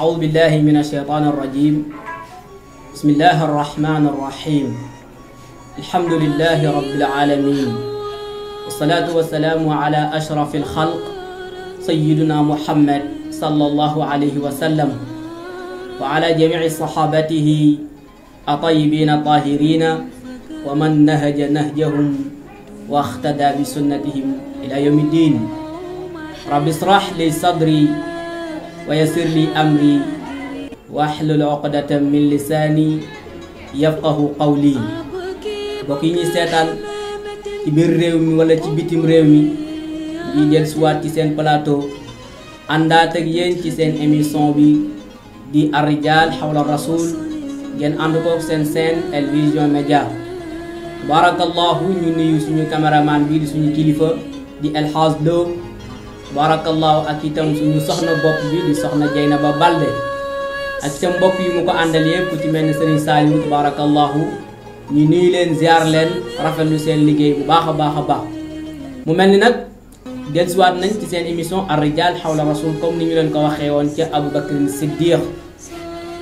أعوذ بالله من الشيطان الرجيم بسم الله الرحمن الرحيم الحمد لله رب العالمين والصلاة والسلام على أشرف الخلق سيدنا محمد صلى الله عليه وسلم وعلى جميع صحابته الطيبين الطاهرين ومن نهج نهجهم واختدى بسنتهم إلى يوم الدين رب اشرح لي صدري ويسر لي أمري واحلul uqdatan min lisaani yafqahu qawli mbokk yi ñuy seetaan ci biir réew mi wala ci bitim réew mi ñuy jël suwaat ci seen plateau àndaat ak yéen ci seen émission bi di arrijal xawla rasul ngeen ànd kook seen seen El Vision Média tabarakallahu ñu nuyu suñu caméraman bi di suñu kilifa di El Hadj Lo barakallahu ak itam suñu soxna bopp bi di soxna Jeynaba Balde ak itam mbokk yi mu ko àndal yëpp ci mel ni sëriñ Saliou barakallahu ñu nuyu leen ziar rafet lu seen liggéey bu baax a baax a baax mu mel ni nag dellusiwaat nañ ci seen émission Ar-Rijaal Hawla Rasul comme ni ñu leen ko waxee woon ca Aboubacrine Siddiq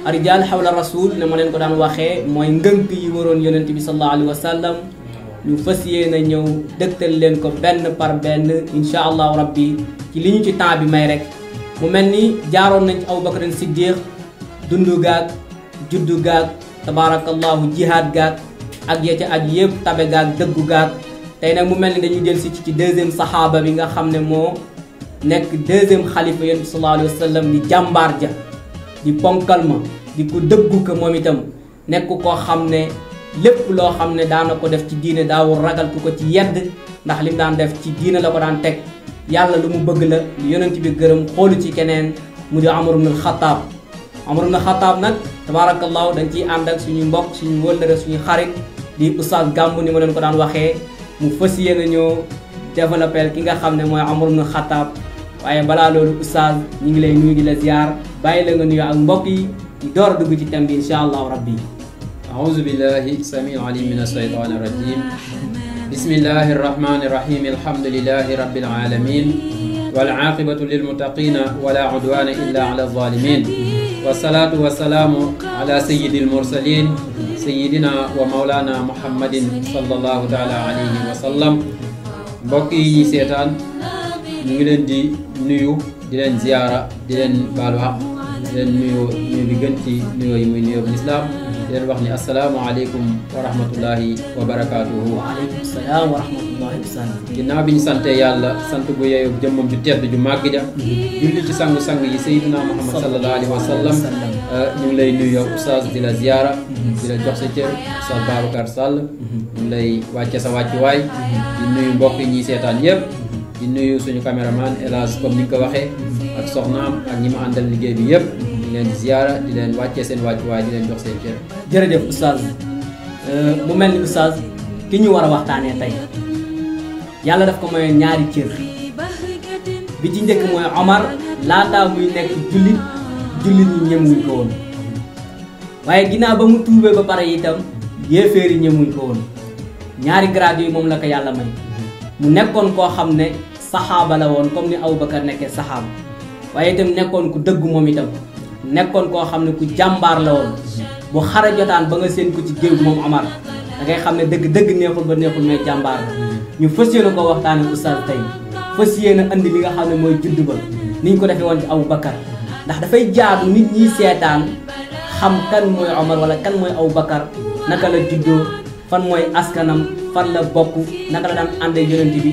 Ar-Rijaal Hawla Rasul ne ma leen ko daan waxee mooy ngënk yi waroon yonent bi sallallahu alayhi wa sallam ñu fas yéene ñëw dëgtal leen ko benn par benn incha allahu bi ci li ñu ci temps bi may rek mu mel ni jaaroon nañ ci Abubakar Siddiq dundu gaag juddu gaag tabaarakallahu jihaad gaag ak ya ca aju yëpp tabe gaag dëggu gaag tey nag mu mel ni dañuy jël si ci deuxième saxaaba bi nga xam ne moo nekk deuxième xalifa yonent bi sallallahu alayhi di jàmbaar ja di ponkal ma di ko dëggu ko moom itam nekk koo xam ne lépp loo xam ne daana ko def ci diine daawul ragal ku ko ci yedd ndax lim daan def ci diine la ko daan teg yàlla lu mu bëgg la lu yonent bi gërëm xoolu ci keneen mu di Omar ibn Khattab Omar ibn Khattab nag tabaarakallaahu dañ ciy ànd ak suñu mbokk suñu wëllëre suñu xarit di Oustaz Gamou ni ma leen ko daan waxee mu fas yéene ñoo développé ki nga xam ne mooy Omar ibn Khattab waaye balaa loolu Oustaz ñu ngi lay nuyu di la bàyyi la nga nuyu ak mbokk yi dugg ci thème bi incha allahu أعوذ بالله السميع العليم من الشيطان الرجيم بسم الله الرحمن الرحيم الحمد لله رب العالمين والعاقبة للمتقين ولا عدوان إلا على الظالمين والصلاة والسلام على سيد المرسلين سيدنا ومولانا محمد صلى الله تعالى عليه وسلم بقي سيطان نولن دي نيو دين زيارة دين di دين نيو نيو di نيو nuyoo نيو بالإسلام leen wax ni asalaamaaleykum wa rahmatullahi wa barakaatuhu. waaleykum salaam wa rahmatullahi wa bi ñu sante yàlla sant bu yeeyoo jëmmam ju tedd ju màgg ja. Mm-hmm. julli ci sangu-sang yi Seydina Muhammad sallallahu alayhi wa sallam. Uh, ñu ngi lay nuyu yow Oustaz di la ziyaara. Mm-hmm. di la jox sa cër Oustaz Babacar Sall. Mm-hmm. ñu ngi lay wàcce sa wàccuwaay. di nuyu mbokk yi ñuy seetaan yëpp. di nuyu suñu caméraman El Hadj comme ni nga ko waxee. ak soxnaam ak ñi ma àndal liggéey bi yëpp. di leen ziyaara di leen wàccee seen wàccuwaay di leen jox seen cër. jërëjëf oustaz euh, mu mel ni oustaz ki ñu war a waxtaanee tey yàlla daf ko mayoon ñaari cër bi ci njëkk mooy Omar laata muy nekk jullit jullit ñi ñemuñ ko woon waaye ginnaaw ba mu tuubee ba pare itam yéeféer yi ñemuñ ko woon ñaari grade yi moom la ko yàlla may mu nekkoon koo xam ne saxaaba la woon comme ni Abubakar nekkee saxaaba waaye itam nekkoon ku dëggu moom itam nekkoon koo xam ku jambar la woon bu xare jotaan ba nga seen ko ci géew moom Amar da ngay xam ne dëgg dëgg neexul ba neexul mais jàmbaar la ñu fas yéene ko waxtaane oustaz tey fas yéene andi li nga xam ne mooy ba ni ko defee woon ci Abu Bakar ndax dafay jaadu nit ñi seetaan xam kan mooy Omar wala kan mooy Abu Bakar naka la juddoo fan mooy askanam fan la bokk naka la daan ànd ak yonent bi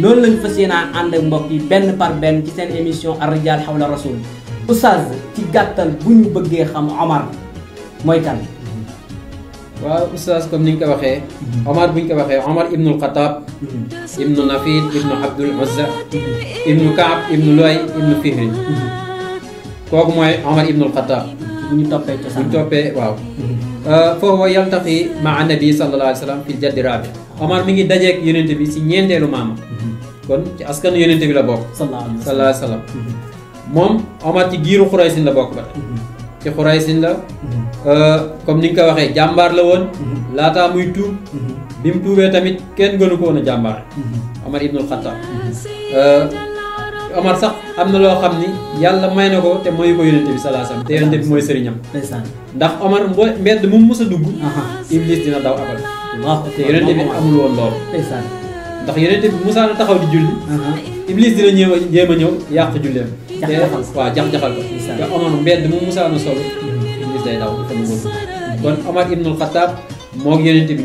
loolu lañu fas yéene mbokk yi benn par benn ci seen émission Ar Rijaal Hawla Rasul oustaz ci gàttal bu ñu bëggee xam Omar mooy kan. waaw oustaz comme ni nga ko waxee. Mhm. Omar bu ñu ko waxee Omar ibnul Xataab. Mhm. ibnu Nafid ibnu Abdul Uzza. ibnu Kaab ibnu Luay ibnu Fihri. Mhm. kooku mooy Omar ibnul Xataab. bu ñu toppee cosaan bu ñu toppee waaw. Euh, foofu yaltaqi maa nabi sallallahu alayhi wa jaddi rabi. Omar mi ngi dajeeg yonent bi ci ñeenteelu maama. kon ci askanu yonent bi la bokk. sallallahu alayhi moom amati giiru xuraysin la bokk ba mhm. tey ci xuraysin la mhm. euh, comme ni nga ko waxee jàmbaar la woon mhm. laataa muy tuub bi mu tuubee tamit kenn gënu ko woon a jàmbaar Omar ibnul Xattaab euh, Omar sax am na loo xam ni yàlla may na ko te mayu ko yonente bi salaasam te yonente bi mooy ndax Omar mbedd mu mës dugg iblis dina daw abal te yonente bi amul woon loolu ndax yonent bi Moussa taxaw di julli. Uh-huh. Iblis dina ñëw a jéem a ñëw yàq julleem. jax-jaxal ko waaw jax-jaxal ko. te amoon mbedd mu Moussa na solo. Iblis day daw dafa mu kon Omar Ibnul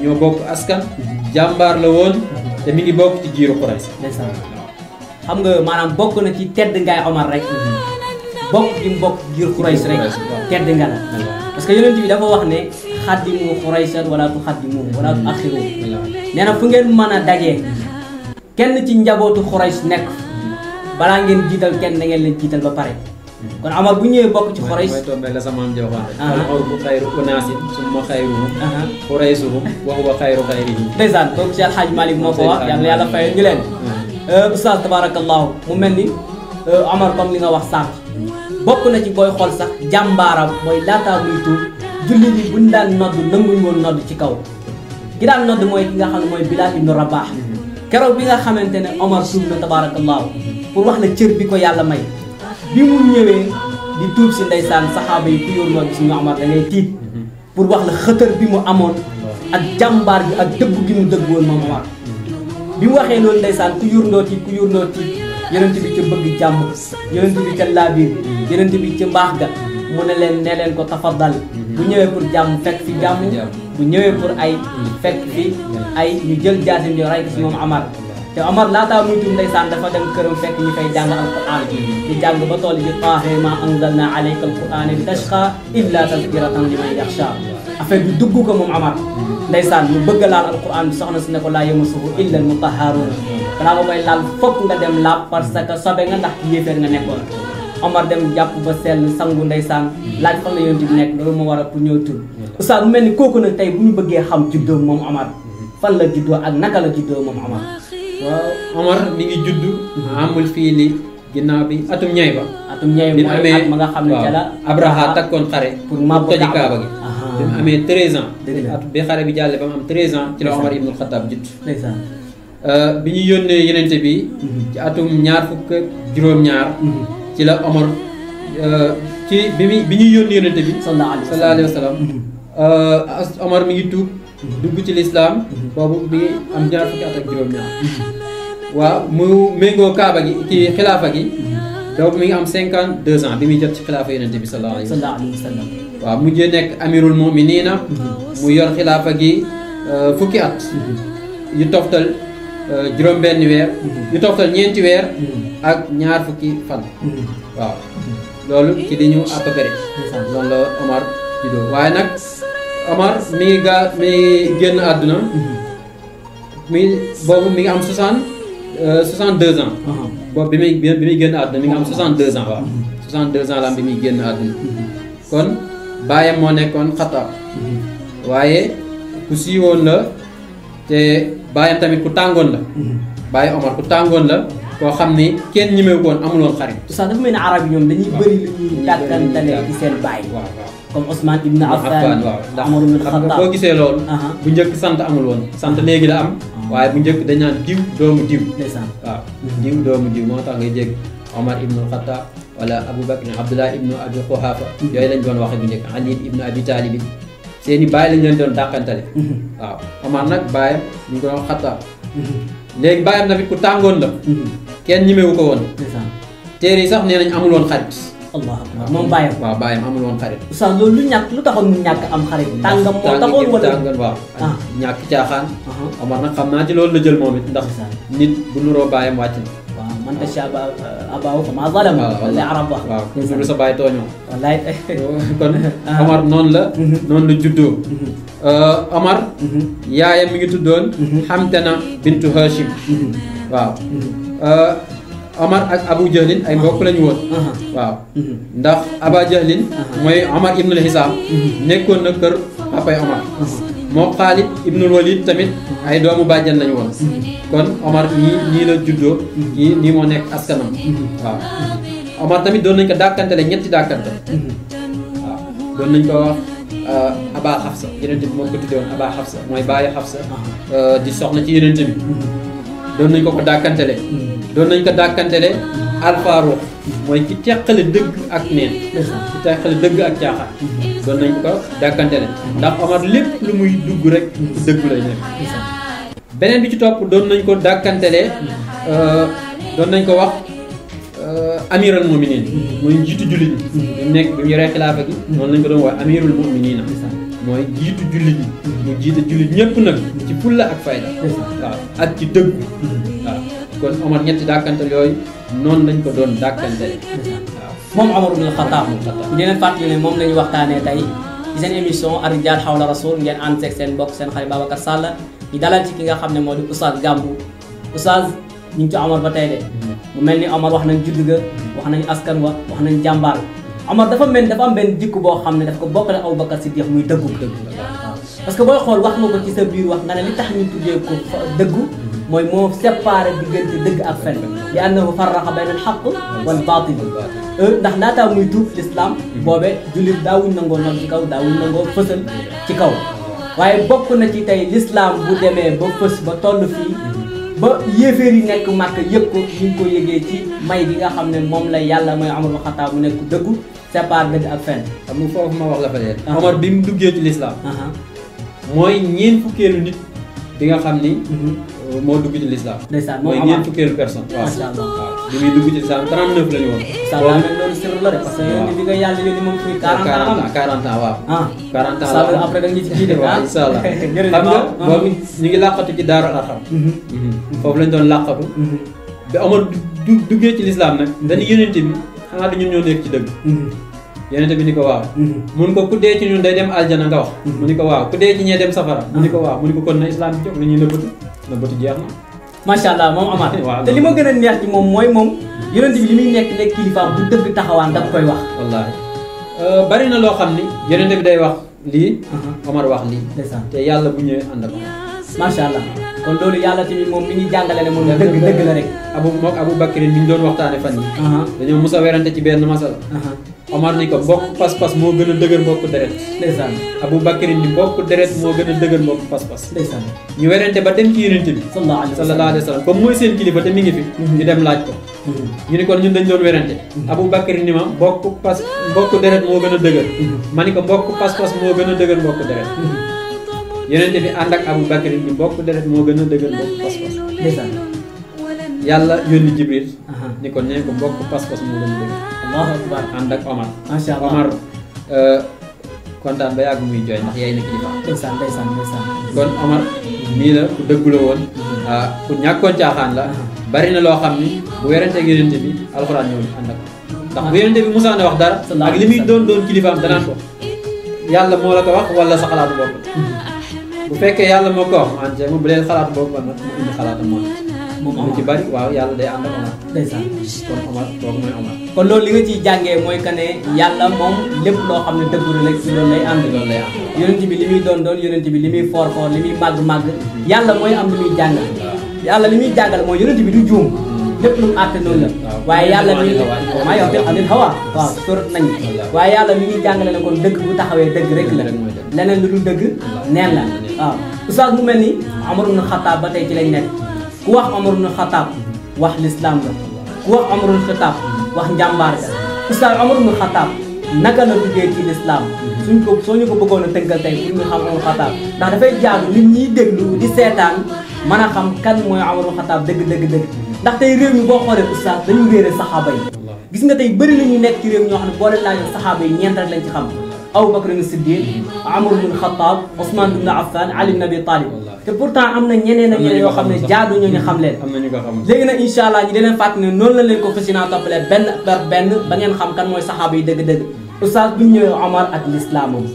ñoo bokk askan. jàmbaar la woon. te mi ngi bokk ci jiiru Quraysh. xam nga maanaam bokk na ci tedd ngaay Omar rek. bokk gi mu bokk jiiru Quraysh rek. tedd nga la parce que yonent bi dafa wax ne xaddimu Quraysh wala tu xaddimu wala tu axiru nee na fu ngeen mën a dajee. kenn ci njabootu Quraysh nekk balaa ngeen jiital kenn da ngeen leen jiital ba pare. kon Amar bu ñëwee bokk ci Quraysh. mooy tombé la sama am joxoon rek. al-urbu ah. xayru unaasin summa xayruhum. Ah. Quraysuhum wa huwa xayru xayrihim. ndeysaan kooku ci Alxaaj Malik moo ko wax yàlla yàlla fayal ah. euh, mu mel ni euh, Amar kon li nga wax sànq. bokk na ci booy xool sax jàmbaaram mooy laataa muy tuub julli bi buñ daan nodd nanguñ woon nodd ci kaw. ki daan nodd mooy ki nga xam ne mooy Bilaal ibnu Rabaah keroog bi nga xamante ne Omar tuub na tabaarakallaahu pour wax la cër bi ko yàlla may bi mu ñëwee di tuub si ndeysaan saxaaba yi ku yóon noo gis ñu Omar da ngay pour wax la xëtër bi mu amoon ak jàmbaar bi ak dëgg gi mu dëggoon moom Omar bi mu waxee loolu ndeysaan ku yóor ndoo tiit ku yóor ndoo tiit yonent bi ca bëgg jàmm yonent bi ca laabiir yonent bi ca mbaax ga mu ne leen ne leen ko tafaddal bu ñëwee pour jàmm fekk fi jàmm bu ñëwee pour ay fekk fi ay ñu jël jaasim ñu ray ko si moom Amar te Amar laataa muy tudd ndeysaan dafa dem këram fekk ñu fay jàng alquran di jàng ba tool bi taahe ma anzalna alayka alquran li tashqa illa tazkiratan liman yaxsha affaire bi dugg ko moom Amar ndeysaan mu bëgg a laal alquran bi soxna si ne ko laa yamassuhu illa almutahharun balaa nga koy laal foog nga dem laab parce que sobe nga ndax yéeféer nga nekkoon Omar dem jàpp ba sell sangu ndeysaan laaj fan la yonent bi nekk loolu moo waral pour ñëw tudd oustaz mu mel ni kooku nag tey bu ñu bëggee xam juddoo moom Omar fan la juddoo ak naka la juddoo moom Omar waaw Omar mi ngi judd fii li ginnaaw bi atum ñay ba atum ñay mooy at nga xam ne ca la Abraha takkoon xare pour mab toji kaaba gi bi mu amee 13 ans bi xare bi jàllee ba mu am 13 ans ci la Omar ibnul Xataab judd euh, bi ñu yónnee yenente bi mhm. ci atum ñaar fukk juróom-ñaar mhm. ci la Omar euh, ci bi muy bi ñuy yónni yónnante bi. sallallahu alayhi wa sallam euh, as mi ngi tuub. dugg ci lislaam boobu mi ngi am ñaar fukki at ak juróom waaw mu méngoo Kaaba gi ci xilaafa gi. donc mi ngi am cinquante deux ans bi muy jot ci xilaafa yonente bi sallallahu alayhi wa sallam waaw mujjee nekk amirul muminina mu yor xilaafa gi euh, fukki at yu toftal Eh, juróom benn weer yu mm-hmm. toftal ñeenti weer mm-hmm. ak ñaar fukki fan mm-hmm. waaw loolu ci li ñu à peu près noonu la Omar juddoo waaye nag Omar mi ngi gaa mi ngi génn àdduna mi boobu mi ngi am soixante euh, soixante deux ans uh-huh. boobu bi muy bi muy génn àdduna mi ngi am uh-huh. soixante deux ans waaw soixante ans la am bi muy génn àdduna kon baayam moo nekkoon xataa waaye ku la te bàyyam tamit ku tàngoon la. Mhm. bàyyi Omar ku tàngoon la koo xam ni kenn ñemewu koon woon amuloon xarit. tout ça dafa mel ñoom dañuy bëri lu ñuy dàkkantalee ci seen bàyyi. waaw comme Ousmane Ibn Affan ndax xam nga boo gisee loolu. bu njëkk sant amul woon sant léegi la am. Mhm. waaye bu njëkk dañ naan diw doomu diw. waaw mhm. diw doomu diw moo tax ngay jégg Omar Ibn Khattab wala Aboubacar Abdullah Ibn Abi Quhafa. yooyu lañ doon waxee bu njëkk Ali Ibn Abi Talib seeni bàyyi lañ leen doon dàqantale waaw Omar nag bàyyam ñu ko doon xataa léegi bàyyam tamit ku tàngoon la kenn ñimewu ko woon téere yi sax nee nañ amul woon xarit allah moom bàyyam waaw bàyyam amul woon xarit oustaz loolu lu ñàkk lu taxoon mu ñàkk am xarit tàngam moo taxoon wala tàngan waaw ah. ñàkk caaxaan Omar nag xam naa ci loolu la jël moom it ndax nit bu nuroo bàyyam wàcc na man tashaaba abaahu famaa zalama wala araba lu sa bàyyi tooñoo kon Omar noonu la noonu la juddoo Omar yaayam mi ngi tuddoon Hamtana bintu Hashim waaw Omar ak Abu Jahlin ay mbokk lañu woon waaw ndax Aba Jahlin mooy Omar ibnul Hisaam nekkoon na kër papay Omar moo Xaalid ibnul Walid tamit ay doomu bàjjan lañu woon kon Omar ñii ñii la juddoo ñii nii moo nekk askanam waaw Omar tamit doon nañ ko dàkkantele ñetti dàkkante waaw doon nañ ko wax euh, Aba Xafsa yenente bi moom ko tuddewoon Aba Xafsa mooy bàyyi Xafsa euh, di soxna ci yenente bi doon nañ ko ko dàkkantele doon nañ ko dàkkantele alpha ruux mooy ki teqale dëgg ak neen ki teqale dëgg ak caaxaan doon nañ ko dàkkantele ndax Omar lépp lu muy dugg rek dëgg lay nekk beneen bi ci topp doon nañ ko dàkkantele euh, doon nañ ko wax euh, amirul muminin mooy njiitu jullit ñi ñu nekk bi mu yoree xilaafa gi noonu lañ ko doon wax amirul muminina mooy jiitu jullit ñi. mu jiita jullit ñëpp nag ci fulla ak fayda. waaw ak ci dëgg. waaw kon Omar ñetti dàkkantal yooyu noonu lañ ko doon dàkkantale. waaw moom Omar ibn Khattab. di leen fàttali moom la ñu waxtaanee tey ci seen émission Ar-Rijaal Hawla Rasul ngeen ànd seeg seen mbokk seen xarit Babacar Sall ñu dalal ci ki nga xam ne moo di Oustaz Gambo Oustaz ñu ngi ci Omar ba tey de. Mm-hmm. mu mel ni Omar wax nañ judd ga wax nañ askan wa wax nañ jàmbaar. amar dafa mel dafa am benn jikko boo xam ne daf ko bokkale Aboubacar Siddiq muy dëggu dëggu parce que booy xool wax nga ko ci sa biir wax nga ne li tax ñu tuddee ko dëggu mooy moo séparé diggante dëgg ak fen li annahu farraqa bayna alxaq wal baatil ndax nata muy tuub l'islam boobe jullit daawuñ nangoo noonu ci kaw daawuñ nangoo fësal ci kaw waaye bokk na ci tey l'islam bu demee ba fës ba toll fii ba yéeféer yi nekk màkk yëpp ko ñu ngi ko yëgee ci may bi nga xam ne moom la yàlla may Omar Xattaab mu nekk dëggu c'est pas ak fenn xam nga foofu ma wax la fa leen ah. bi mu duggee ci lislaam ah ah. mooy ñeent fukkeelu nit bi nga xam ni mhm. moo dugg ci lislaam mooy ñeent fukkeelu personne waaw የሚድጉጭ ሳምጥራን ነው ብለኝ ሳላን ነው ሲሩለር pasal yang ya, jadi mungkin karang karang ah. karang tawa karang tawa sabar apa kan gitu gitu kan salah tapi bami ni laqat ci dar al arham fofu lañ doon laqatu bi amal duggé ci l'islam nak dañu yonenti xana dañu ñoo nek ci deug yonente bi ni ko waaw mun ko ku dee ci dem aljana hmm. nga wax mu ni ko waaw ku dee dem safari, mu ni ah. ko waaw mu islam ci jox na ñuy nëbbatu macha allah moom amaat te li ma gën a neex ci moom mooy moom yonent bi li muy nekk nekk kilifaam bu dëgg taxawaan daf koy wax wallaahi euh, bari na loo xam ni yonent bi day wax lii uh-huh. Omar wax lii te yàlla bu ñëwee ànd ak macha allah kon loolu yàlla tamit moom mi ngi jàngale ne moom dëgg dëgg la rek abu mook Abu Bakrin mi ñu doon waxtaane fan yi uh-huh. dañoo mos a werante ci benn masala uh-huh. Omar ni ko bokk pas-pas moo gën a dëgër mbokk deret ndeysaan Aboubacarin ni bokk deret moo gën a dëgër mbokk pas-pas ndeysaan ñu werante ba dem ci yonent bi sallallahu alayhi wa sallam comme mooy seen kilifa te mi ngi fi mhm. ñu dem laaj ko mhm. ñu ni kon ñun dañ doon werante mhm. Aboubacarin ni ma bokk pas mbokk deret moo gën a dëgër ma ni ko mbokk pas-pas moo gën a dëgër mbokk deret yonent bi ànd ak Aboubacarin ni mbokk deret moo gën a dëgër mbokk pas-pas ndeysaan yalla yoni jibril ni ko nee ko bokk pas-pas moo gën a dëgg allahu akbar ànd ak omar masha allah omar euh, kontaan ba yàgg muy jooy ndax yaay na kilifa ndeysaan ndeysaan ndeysaan kon omar nii la ku dëggu la woon mhm. ah, ku ñàkkoon caaxaan la bari na loo xam ni bu werante ak yonente bi alxuraan ñëw ànd ak ndax bu yonente bi musaan wax dara ak limi muy doon doon kilifaam danaan ko yalla moo la ko wax wala sa xalaatu bopp mhm. bu fekkee yalla moko ko wax man bu leen xalaatu bopp man mu indi xalaatam moom moom Omar lu ci bari waaw yàlla day ànd kon loolu li nga ciy jàngee mooy que ne yàlla moom lépp loo xam ne dëgg la rek si loolu lay ànd loolu bi li muy doon doon yonent bi li muy foor foor li muy màgg màgg yàlla mooy am lu muy jàngal. yàlla li muy jàngal mooy yonent bi du juum. lépp lu mu àtte noonu la waaye yàlla mi maa yow teel anil waaye yàlla mi ngi jàngale ne kon dëgg bu taxawee dëgg rek la leneen lu dul dëgg neen la waaw oustaz mu mel ni Omar ibn Khattab ba tey ci lañ nekk ku wax Omar ibn Khattab wax lislaam ga ku wax Omar ibn Khattab wax njàmbaar ga oustaz Omar ibn a naka la duggee ci lislaam suñ ko soo ñu ko bëggoon a tënkal tey pour ñu xam Omar ibn Khattab ndax dafay jaagu nit ñiy déglu di seetaan mën a xam kan mooy Omar ibn Khattab dëgg dëgg dëgg ndax tey réew mi boo xoolee oustaz dañu réere saxaaba yi gis nga tey bëri la nekk ci réew ñoo xam ne boo leen laajoon saxaaba yi ñeent rek ci xam Abu Bakr Siddiq Amr ibn Khattab Ousmane ibn Affan Ali ibn Abi Talib te pourtant am na ñeneen ak yoo xam ne jaadu ñu xam leen léegi nag incha allah ñi dineen fàttali ne noonu la leen ko fas yéenaa toppalee benn par benn ba ngeen xam kan mooy saxaaba yi dëgg-dëgg oustaz bu ñu ñëwee Omar ak lislaamam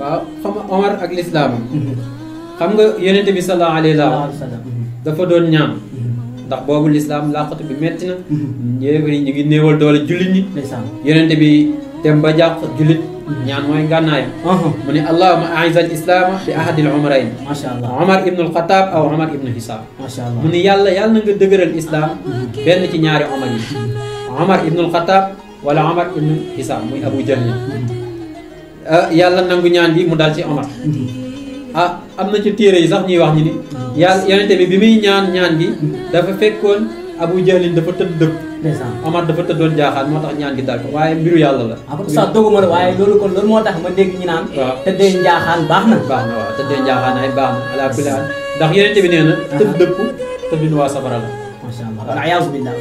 waaw xam nga Omar ak lislaamam xam nga yonente bi sallallahu alayhi wa sallam dafa doon ñaan ndax boobu lislaam laqatu bi metti na yéefar mhm. yi ñu ngi néewal doole jullit ñi yonente bi ba jàq ñaan mooy ngànnaayam uh-huh. mu ne allahuma aizal islaama bi ahadil umrayn macha allah omar ibnu alxataab aw allah mu ne yàlla yàlla na nga dëgëral islaam benn ci ñaari omar yi omar ibnu wala omar ibnu hisaam muy abu jahl ah, yàlla nangu ñaan bi mu dal ci omar ah am na ci téere yi sax ñuy wax ñu ni yàlla yonente bi bi muy ñaan ñaan bi dafa fekkoon abu jahlin dafa tëdd dëpp Amath dafa tëddoon jaaxaan moo tax ñaan gi tàgg waaye mbiru yàlla la ah kon sax doguma la waaye loolu kon loolu moo tax ma dégg ñu naan waaw tëddee njaaxaan baax na baax na waaw tëddee njaaxaan ay baax na ala kulli haal ndax yeneen tamit nee na ah. tëdd dëpp tëddin waa safara la macha allah kon ayaasu billah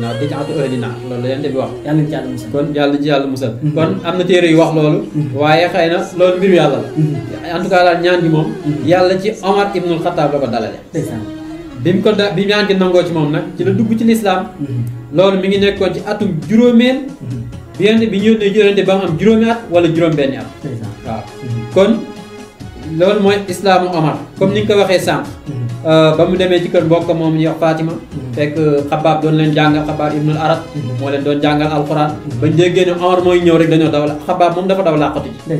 naa di jaxatu ëllëg naa loolu yéen bi wax yàlla ci yàlla musal kon yàlla ci yàlla musal mm-hmm. kon am na téere yu wax loolu mm-hmm. waaye xëy na loolu mbiru yàlla la mm-hmm. en tout cas ñaan bi moom yàlla ci Omar ibnul Xataab la ko bi mu ko da bi ñaan gi nangoo ci moom nag ci la dugg ci lislaam mm-hmm. loolu mi ngi nekkoon ci atum juróomeel mm-hmm. bi yonent bi ñëw ne yonent ba mu am juróomi at wala juróom-benni at waaw mm-hmm. kon loolu mooy islaamu omar comme ni nga ko waxee sànq euh, ba mu demee ci kër mbokk moom ñuy wax Fatima fekk euh, xabaab doon leen jàngal xabaab ibnul arab moo leen doon jàngal alxuraan bañ déggee ne omar mooy ñëw rek dañoo daw la xabaab moom dafa daw làqatu ji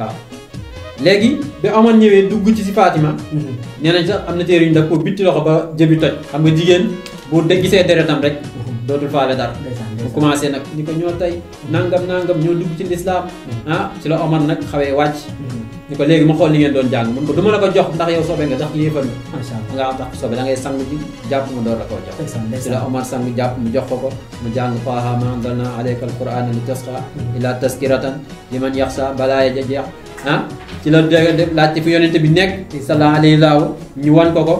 waaw lagi, bi amoon ñëwee dugg ci si Fatima. Mhm. nee nañ sax am na téere yu ndax koo bitti loxo ba jëbi toj xam nga jigéen bu de gisee deretam rek mhm. dootul faale dara mu commencé nag ni ko ñoo tey mhm. nangam nangam ñoo dugg ci lislaam ah ci la Omar nag xawee wàcc ni ko léegi ma xool li ngeen doon jàng mun ko du la ko jox ndax yow sobe nga ndax yéefal nga nga am sobe da ngay sang ji jàpp mu door la koo jox ci la Omar sang jàpp mu jox ko mu jàng faaha ma anzalna alayka alqur'ana li tasqa ila liman ah ci la laajte fi yonente bi nekk sallallahu alayhi wa ñu wan ko ko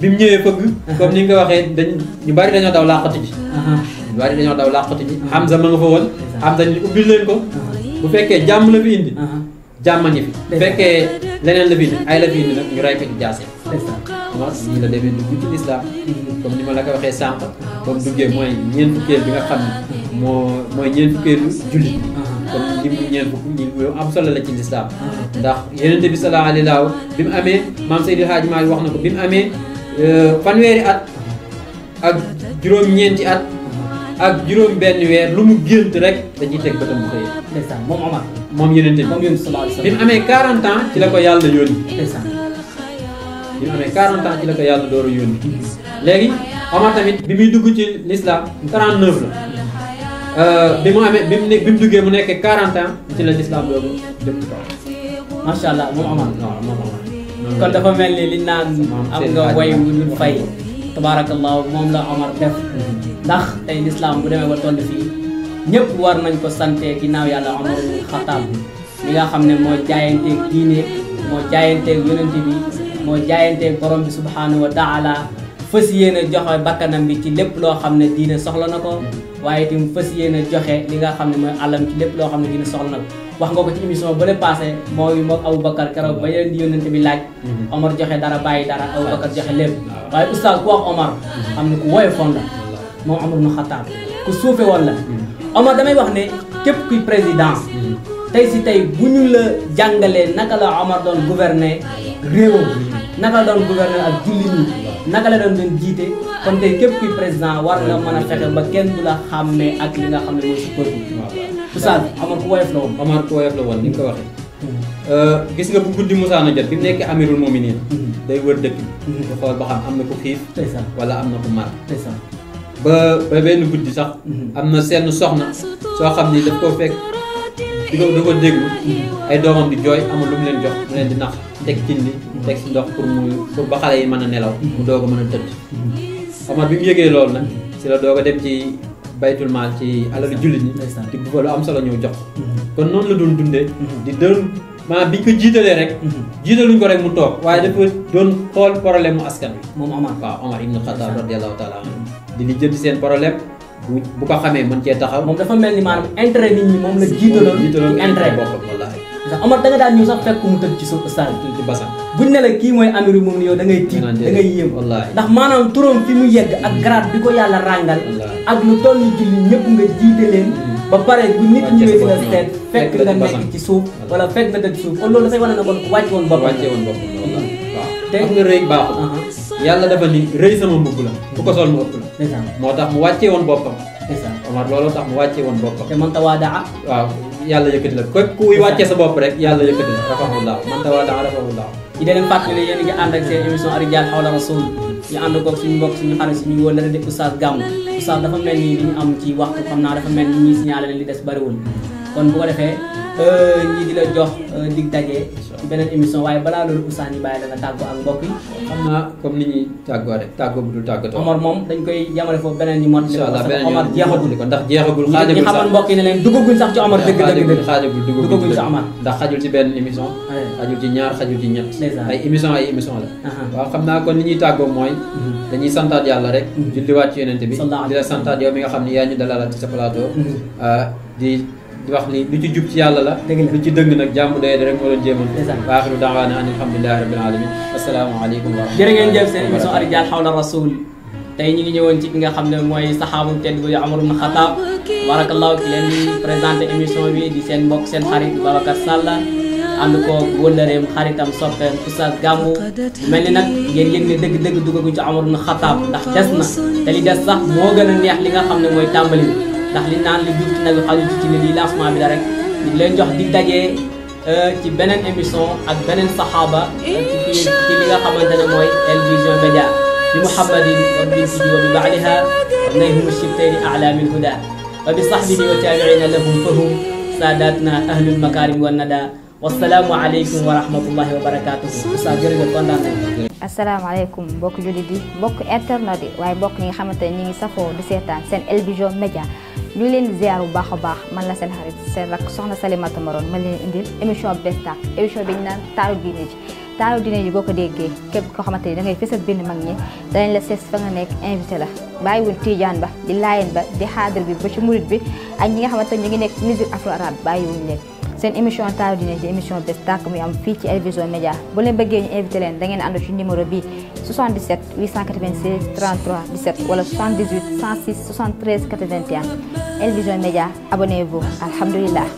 bi mu ñëwee fëgg comme ni nga ko waxee dañ ñu bari dañoo daw làqatu ji ñu bari dañoo daw làqatu ji Hamza ma nga fa woon Hamza ñu ubbil leen ko bu fekkee jàmm la fi indi jàmm ñi fi bu fekkee leneen la fi indi ay la fi indi nag ñu rey ko ci jaase non nii la demee dugg ci lislaam comme ni ma la ko waxee sànq comme duggee mooy ñeent fukkeel bi nga xam ne moo mooy ñeent fukkeelu jullit kon lim bu ñeen fukk ñi lu am solo la ci lislaam ah, ndax yenente bi sallallahu alayhi bi mu amee maam Seydil Hadji Malick wax na ko bi mu amee euh, fanweeri at ak juróom-ñeenti at ak juróom benn weer lu mu gént rek dañuy teg bëtam bu xëyee. ndeysaan moom Omar. moom moom yeneen tamit. bi mu amee 40 ans ci la ko yàlla yónni. ndeysaan bi mu amee 40 ans ci la ko yàlla door yoon yónni. léegi Omar tamit bi muy dugg ci l'islam 39 la. Euh, bi mu amee bi mu ne bi mu duggee mu nekkee 40 ans ci la lislaam boobu jëm kaw. macha allah moom amaan waaw moom amaan kon dafa mel ni li naan am nga way wu dul fay tabaarakallahu moom la Omar def mm-hmm. ndax tey lislaam bu demee ba toll fii ñëpp war nañ ko sante ginnaaw yàlla Omar Xataab li nga xam ne moo jaayanteeg diine moo jaayanteeg yonente bi moo jaayanteeg borom bi subhaanahu wa taala fës yéene joxe bakkanam bi ci lépp loo xam ne diine soxla na ko mm-hmm. waaye itam fës yéene joxe li nga xam ne mooy àllam ci lépp loo xam ne diine soxla na ko wax nga ko ci émission ba le moo mooy moom Aboubacar keroog ba yeneen di yónnante bi laaj mm-hmm. Omar joxe dara bàyyi dara Aboubacar joxe lépp waaye oustaz ku wax Omar mm-hmm. xam ne ku woyofoon la moom Omar ibn Khattab ku suufe woon la damay wax ne képp kuy président tey si tey bu ñu la jàngalee naka la Omar doon gouverner réewam naka la doon gouverner ak jullit ñi naka la doon doon jiite kon tey képp kuy président war nga mën a fexe ba kenn du la xàmmee ak li nga xam ne mooy si peuple Oustaz Omar ku woyof la woon Omar ku woyof la woon ni nga ko waxee mhm. euh, gis nga bu guddi musaana jot bi mu nekk amirul mominin mhm. day wër dëkk bi di mhm. xool ba xam am na ku xiif wala am na ku mar ba ba benn guddi sax am na seen soxna soo xam ni daf koo fekk di ko di ko déglu ay doomam di jooy amul lu mu leen jox mu leen di nax teg cin li teg si ndox pour mu pour ba xale yi mën a nelaw mu doog a mën a tëdd Omar bi mu yëgee loolu nag si la doog a dem ci baytul maal ci alalu jullit ñi di bu fa lu am solo ñëw jox mhm. kon noonu la doon dundee mhm. di doon maanaam biñ ko jiitalee rek mhm. jiitaluñ ko rek mu toog waaye dafa doon xool problème mu askan bi moom Omar waaw Omar ibnu Xattaab radiyallaahu taala di li jënd seen problème bu bu ko xamee mën cee taxaw. moom dafa mel ni maanaam intérêt nit ñi moom la jiitaloon. jiitaloon intérêt bokkul wallaahi. ndax Omar da daan ñëw sax fekk mu tëdd ci sa stade. ci bassin kii mooy amiru moom yow da ngay tiit da yéem. ndax maanaam turam fi mu yegg ak grade bi ko yàlla ràngal. ak lu toll ni julli nga jiite leen. Mm. ba pare bu nit ñëwee di la seet fekk nga nekk ci suuf wala fekk nga tëdd ci suuf kon loolu dafay wane ne kon wàcce woon moo tax mu wàccee woon boppam Omar looloo tax mu wàccee woon boppam te man tawaadaa ah. waaw yàlla yëkkati la képp kuy wàccee sa bopp rek yàlla yëkkati la rafahullaa man tawaadaa rafahullaa ñi deneen fàttali ne yéen ngi ànd ak seen émission Ar-Rijaal Hawla Rasul ñu ànd koog suñu mbokk suñu xarit suñu wóor la di Oustaz Gamou Oustaz dafa mel ni li ñu am ci waxtu xam naa dafa mel ni ñuy signalé li des bariwul kon bu defee Euh, ñi di la jox euh, dig daje. ci beneen émission waaye balaa loolu Ousseynou Mbaye dana tàggoo ak mbokk xam naa comme ni ñuy tàggoo rek tàggoo bu dul tàggatoo. Omar moom dañ koy yamale foofu beneen ñi mot. incha beneen Omar jeexagul ko ndax jeexagul. xaajagul sax ñi xamal mbokk yi sax ci Omar. dëgg dëgg dëgg xaajagul duggaguñ ci ndax xajul ci benn émission. xajul ci ñaar xajul ci ñett. ay émission ay émission la. waaw xam naa kon ni ñuy tàggoo mooy. Mhm. dañuy santaat yàlla rek. Mhm. julliwaat ci yonent bi di la santaat nga xam ne yaa ñu dalalaat ci sa plateau mhm. euh, di di wax ni lu ci jub ci yàlla la lu ci dëng nag jàmm doy rek moo doon jéemal wa axiru daawaana an alhamdulilahi rabbil alamin assalaamu aleykum wa jërë ngeen jëf seen émission arijaal xawla rasul tey ñu ngi ñëwoon ci ki nga xam ne mooy saxaabu bu amar ibn xataab barakallahu ki leen di présenté bi di seen mbokk seen xarit ko xaritam oustaz ngeen ne ci ibn ndax na te li sax neex li nga ndax li naan li jur ci nag xaju ci ne lii lancement bi la rek ñu ngi leen jox di dajee ci beneen émission ak beneen sahaba ci ci li nga xamante ne mooy El Média bi muhammadin wa bintihi wa bi baaliha wa nayhum shibtayni ala min huda wa bi sahbihi wa tabiina lahum fahum sadatna ahlul makarim wa nada alaykum wa rahmatullahi wa barakatuh sa jërëjëf kontaan nañ asalaamaaleykum mbokk jullit yi mbokk internet yi waaye mbokk ñi nga xamante ne ñi ngi safoo di seetaan seen El Média ñu leen di ziar bu baax a baax man la seen xarit seen rak soxna Salimata Maron ma leen indil émission bés tàkk émission bi ñu naan taaru diine ji taaru diine ji boo ko déggee képp koo xamante ni da ngay fësal benn mag ñi danañ la sees fa nga nekk invité la bàyyiwuñ tiijaan ba di laayeen ba di xaadir bi bu ci murit bi ak ñi nga xamante ni ñu ngi nekk musique afro arabe bàyyiwuñ leen seen émission taw dina ci émission bés tàkk muy am fi ci Elvision Média bu leen bëggee ñu invité len da ngeen ànd ci numéro bi 77 896 33 17 wala 78 106 73 81 Elvision Média abonnez-vous alhamdoulillah